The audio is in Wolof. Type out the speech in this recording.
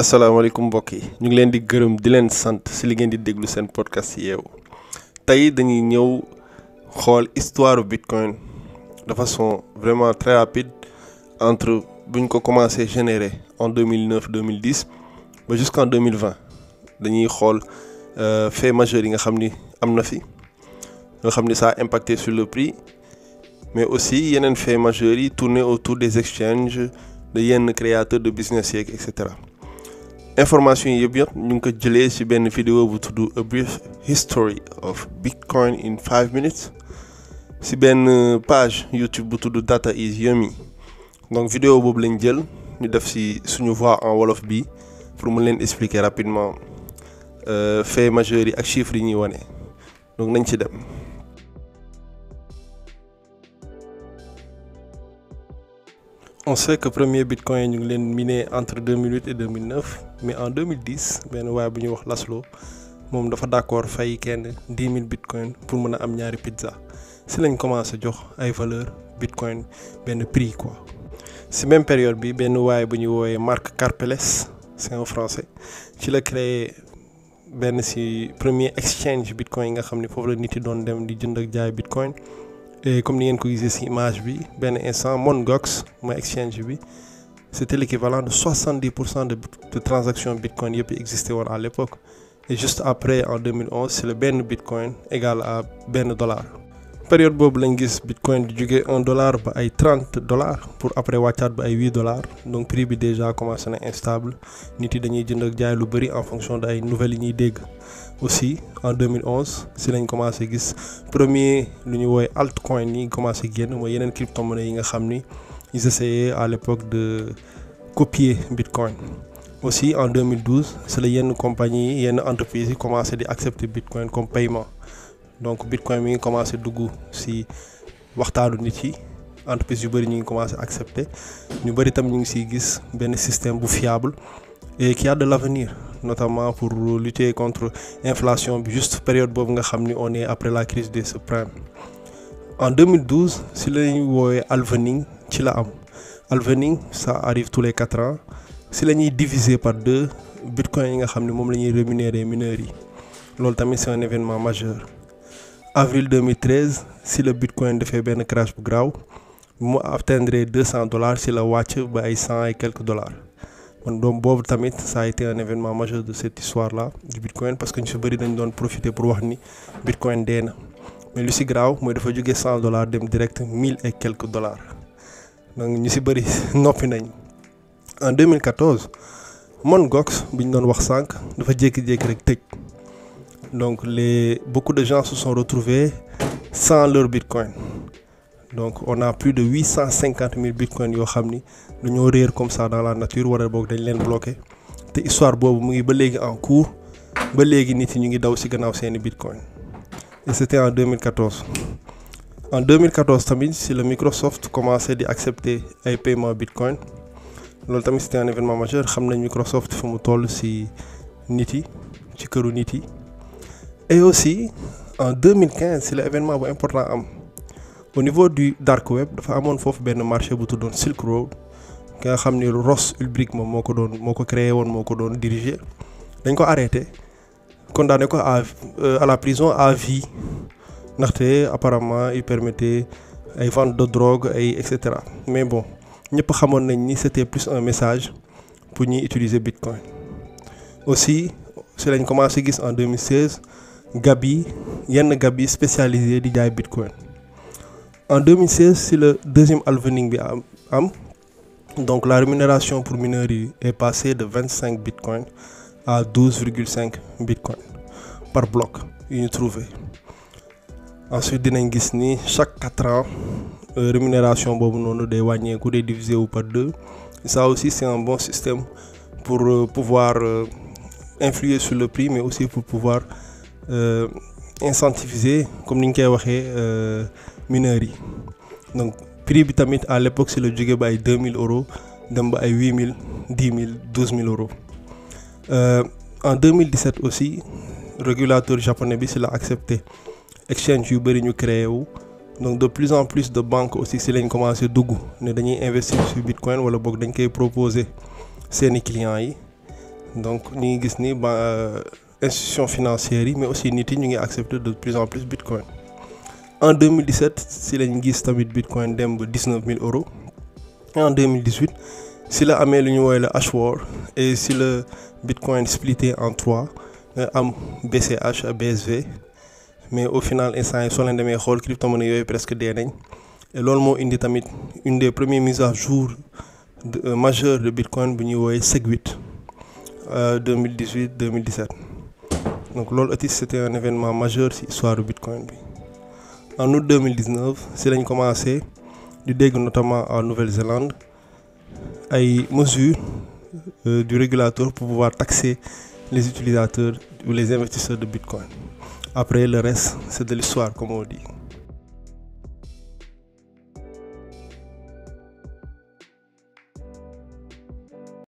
asalaamaaleykum mbokk yi ñu ngi leen di gërëm di leen sant si li ngeen di déglu seen podcast yeewu tey dañuy ñëw xool histoire bitcoin de façon vraiment très rapide entre buñ ko commencé générer en 2009 2010 ba jusqu'en 2020 dañuy xool euh, fait majeur yi nga xam ni am na fi nga xam ni ça a impacté sur le prix mais aussi yeneen fait majeur yi tourné autour des exchanges de yenn créateurs de business yeeg et cetera. information yi yëpp yëpp ñu ngi ko jëlee ci benn vidéo bu tuddu a brief history of bitcoin in five minutes ci benn page YouTube bu tudd data is yummy donc vidéo boobu lañ jël ñu def ci suñu voix en wolof bi pour mu leen expliquer rapidement euh, faits majeurs yi ak chiffres yi ñuy wane donc nañ ci dem. on sait que premier bitcoin ñu ngi leen miné entre 2008 et 2009. mais en 2010 benn waaye bu ñuy wax Laszlo moom dafa d'accord fay kenn 10 000 bitcoin pour mën a am ñaari pizza si lañ commencé jox ay valeur bitcoin benn prix quoi. si même période bi benn waaye bu ñuy woowee Marc Karpeles c'est un ci la créé benn si premier exchange bitcoin yi nga xam ne foofu la nit yi doon dem di jënd ak jaay bitcoin et comme ni ngeen ko gisee si image bi benn instant Mongox mooy exchange bi. c'était l'équivalent de 70% de, de transactions Bitcoin yëpp existé woon à l'époque et juste après en 2011 c'est le benn Bitcoin égal a benn dollar période boobu lañ gis Bitcoin di jóge un dollar ba ay 30 pour après wàccaat ba ay 8 dollars donc prix bi déjà commencé na instable nit yi dañuy jënd ak jaay lu bëri en fonction de ay nouvelles yi ñuy dégg aussi en 2011 si lañ commencé gis premier lu ñu woowee altcoin yi commencé génn mooy yeneen crypto monnaie yi nga xam ni ils essayaient à l'époque de copier Bitcoin aussi en 2012 c'est la yenn compagnie yi yenn entreprise yi commencé di accepter Bitcoin comme paiement donc Bitcoin mi ngi commencé dugg si waxtaanu nit yi entreprise yu bëri ñu ngi commencé accepter ñu bëri tam ñu ngi ciy gis benn système bu fiable et qui a de l'avenir notamment pour lutter contre inflation bi juste période boobu nga xam ni on est après la crise des subprimes en si ci lañu woowee halvening ci la am halvening sa arrive tous les quatre ans si la ñuy diviser par deux bitcoin yi nga xam ne moom la ñuy rémunérer mineurs yi loolu tamit c'est un événement majeur avril 2013 si la bitcoin defee benn crash bu graaw mu atteindre cent dollars si la wàcc ba ay cent et quelques dollars kon doom boobu tamit sa a été un événement majeur de cette histoire la du bitcoin parce que ñu si bëri dañu doon profiter pour wax ni bitcoin dee na mais lu si graaw mooy dafa jóge 100 dollars dem direct 1000 et quelques dollars. donc ñu si bëri noppi nañ en 2014 Mon Gox bi ñu doon wax sànq dafa jékki-jékki rek tëj donc les beaucoup de gens se sont retrouvés sans leur bitcoin donc on a plus de huit cent cinquante mille bitcoin yoo xam ni dañoo réer comme ça dans la nature wala boog dañ leen bloqué te histoire boobu mu ngi ba léegi en cours ba léegi nit yi ñu ngi daw ci gannaaw seeni bitcoin et c'était en 2014. en 2014 tamit si la Microsoft commencé di accepter ay paiement bitcoin loolu tamit te un événement majeur xam nañ Microsoft fu mu toll si nit yi ci këru nit yi et aussi en 2015 si la événement bu important am au niveau du dark web dafa amoon foofu benn marché bu tuddoon Silk Road ki nga xam ni Ross Ulbricht moom moo ko doon moo ko créé woon moo ko doon diriger dañ ko arrêté condamné ko à euh, à la prison à vie ndaxte apparemment il permettait ay vente de drogue ay et cetera mais bon ñëpp xamoon nañ ni c'était plus un message pour ñuy utiliser bitcoin aussi si lañ commencé gis en 2016 gab yi yenn gab yi spécialisé di jaay bitcoin en 2016 si le deuxième halvening bi am am donc la rémunération pour mineurs yi est passée de 25 bitcoin à 12,5 bitcoin par bloc yu ñu trouvé ensuite dinañ gis ni chaque quatre ans euh, rémunération boobu noonu day wàññeeku day divisé wu par deux saa aussi c'est un bon système pour euh, pouvoir euh, influer su le prix mais aussi pour pouvoir incentiviser comme ni ñu koy waxee mineur yi donc prix bi tamit à l'époque si la jóge ba ay 2000 dem ba ay 8000 10000 12000 euros en 2017 aussi régulateur japonais bi si la accepté exchange yu bëri ñu créé wu donc de plus en plus de banques aussi si lañ commencé dugg ne dañuy investir sur bitcoin wala boog dañ koy proposer seeni clients yi donc ñu ngi gis ni ba euh, institutions financières yi mais aussi nit yi ñu ngi accepter de plus en plus bitcoin en 2017 si lañ gis tamit bitcoin dem ba 19000 euros et en 2018 si la amee lu ñu woowee la hash war et si la bitcoin splitté en trois euh, am BCH ak BSV mais au final instant yi soo leen demee xool cryptomonnaie yooyu presque dee nañ et loolu moo indi tamit une des premières mises à jour euh, majeures de bitcoin bu ñuy woowee SegWit 2018 euh, 2017 donc loolu aussi c' était un événement majeur ci histoire du bitcoin bi en août 2019 si lañ commencé di dégg notamment en Nouvelle-Zélande ay mesures euh, du régulateur pour pouvoir taxer les utilisateurs ou les investisseurs de bitcoin Après, le reste, c'est de l'histoire, comme on dit.